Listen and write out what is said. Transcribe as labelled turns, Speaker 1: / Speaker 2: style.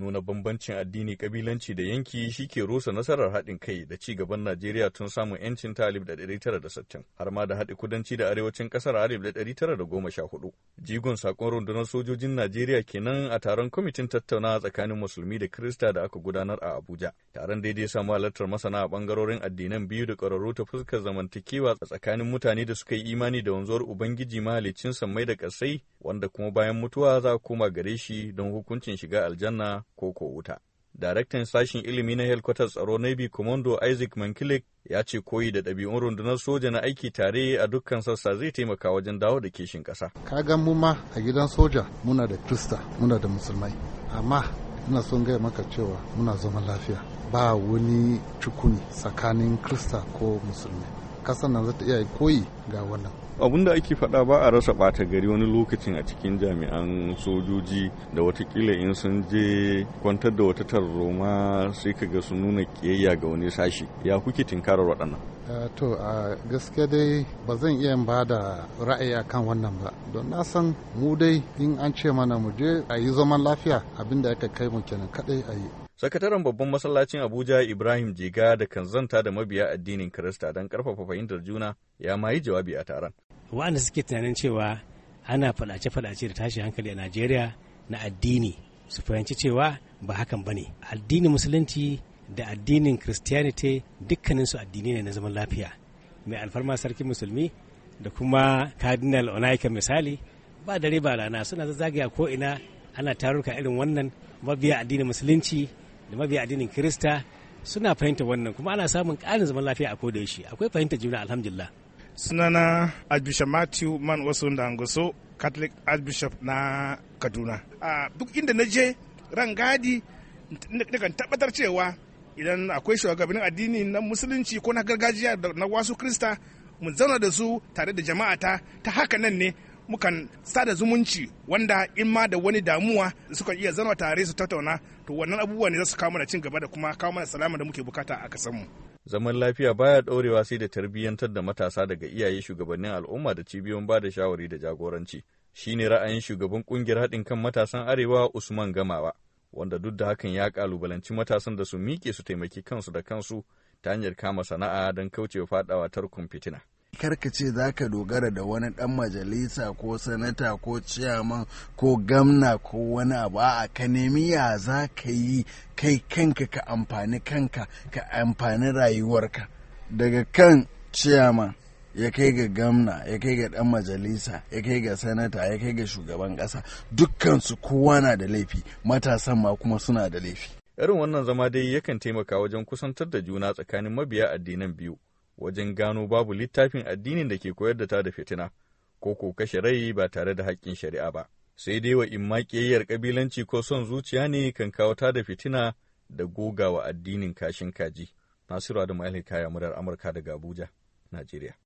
Speaker 1: Nuna bambancin addini, kabilanci da yanki shi ke rusa nasarar haɗin kai da ci gaban Najeriya tun samun 'yancin da sittin, har ma da haɗi kudanci da arewacin ƙasar da hudu. Jigon Saƙon rundunar sojojin Najeriya kenan a taron kwamitin tattaunawa tsakanin musulmi da Kirista da aka gudanar a Abuja. Taron daidai samu halartar masana a ɓangarorin addinan biyu da ƙwararru ta fuskar zamantakewa tsakanin mutane da suka yi imani da wanzuwar Ubangiji mahalicin sammai da Kasai. wanda kuma bayan mutuwa za a koma gare shi don hukuncin shiga aljanna ko ko wuta. Daraktan sashen ilimi na helkwatar tsaro Navy Commando Isaac Mankilik ya ce koyi da ɗabi'un rundunar soja na aiki tare a dukkan sassa zai taimaka wajen dawo da kishin
Speaker 2: ƙasa. Ka ga mu ma a gidan soja muna da Krista muna da Musulmai, amma ina son gaya maka cewa muna zaman lafiya ba wani cukuni tsakanin Krista ko Musulmai. kasan nan za iya koyi ga wannan
Speaker 1: Abun da ake faɗa ba a rasa ɓata gari wani lokacin a cikin jami'an sojoji da watakila in sun je kwantar da wata tarzoma sai ga su nuna ƙiyayya ga wani sashi ya kuke tinkarar waɗannan
Speaker 2: Eh, to a gaske dai ba zan iya ba da ra'ayi a kan wannan ba don na san mu dai in an ce mana mu je a yi zaman lafiya abinda aka kai mu kenan kadai a yi
Speaker 1: sakataren babban masallacin abuja ibrahim Jiga da kan zanta da mabiya addinin kirista don karfafa fahimtar juna ya ma yi jawabi a taron
Speaker 3: wa'anda suke tunanin cewa ana fadace-fadace da tashi hankali a najeriya na addini su fahimci cewa ba hakan ba ne addinin musulunci da addinin christianity dukkaninsu addini ne na zaman lafiya mai alfarma sarki musulmi da kuma cardinal onaika misali ba dare ba rana suna zagaya ko ina ana taruka irin wannan mabiya addinin musulunci da mabiya addinin kirista suna fahimta wannan kuma ana samun ƙarin zaman lafiya
Speaker 4: a koda shi akwai fahimta juna alhamdulillah sunana archbishop matthew man wasu dangoso catholic archbishop na kaduna duk inda na je rangadi nakan tabbatar cewa idan akwai shugabannin addini na musulunci ko na gargajiya na wasu krista mu zauna da su tare da jama'a ta ta haka nan ne mukan sada zumunci wanda in ma da wani damuwa suka iya zama tare su tattauna to wannan abubuwa ne za su kawo mana cin gaba da kuma kawo mana salama da muke bukata a kasanmu.
Speaker 1: zaman lafiya baya ɗorewa sai da tarbiyyantar da matasa daga iyaye shugabannin al'umma da cibiyoyin ba da shawari da jagoranci shine ra'ayin shugaban kungiyar haɗin kan matasan arewa usman gamawa wanda duk da hakan ya kalubalanci matasan da su miƙe su taimaki kansu da kansu ta hanyar kama sana'a don kaucewa fadawa tarkon fitina.
Speaker 5: karka ce za ka dogara da wani ɗan majalisa ko sanata ko ciyaman ko gamna ko wani abu a ka nemi ya za ka yi kai kanka ka amfani kanka ka amfani rayuwarka daga kan ciyaman ya kai ga gamna ya kai ga dan majalisa ya kai ga sanata ya kai ga shugaban kasa dukkansu kowa na da laifi matasan ma kuma suna da laifi
Speaker 1: irin wannan zama dai yakan taimaka wajen kusantar da juna tsakanin mabiya addinan biyu wajen gano babu littafin addinin da ke koyar da ta da fitina ko ko kashe rai ba tare da haƙƙin shari'a ba sai dai wa imma ƙiyayyar ƙabilanci ko son zuciya ne kan kawo ta da fitina da gogawa addinin kashin kaji nasiru da alhikaya murar amurka daga abuja najeriya